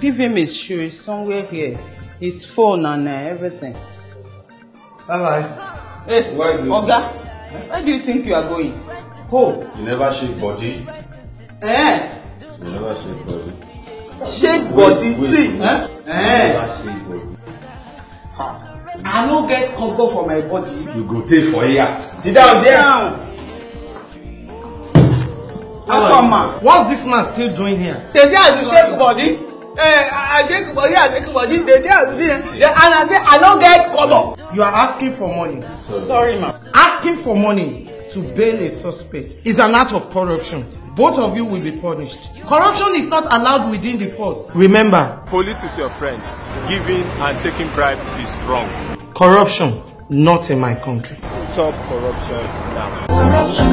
Give him his shoes somewhere here. His phone and uh, everything. Bye-bye. Hey, where do you Oga, where do you think you are going? Home. You never shake body. Eh? You never shake body. Shake wait, body, wait, see? Huh? Eh? You never eh? shake body. Ha. I no get cocoa for my body. You go take for here. Sit down there. Down. How come, man? What's this man still doing here? They say I do shake body. Asekubodi eh, Asekubodi dey dey as this and I say I no get colour. You are asking for money. Sorry ma. Asking for money to bail a suspect is an act of corruption. Both of you will be punished. Corruption is not allowed within the force. Remember. Police is your friend. Giving and taking bribe is wrong. Corruption, not in my country. Stop corruption now. Corruption.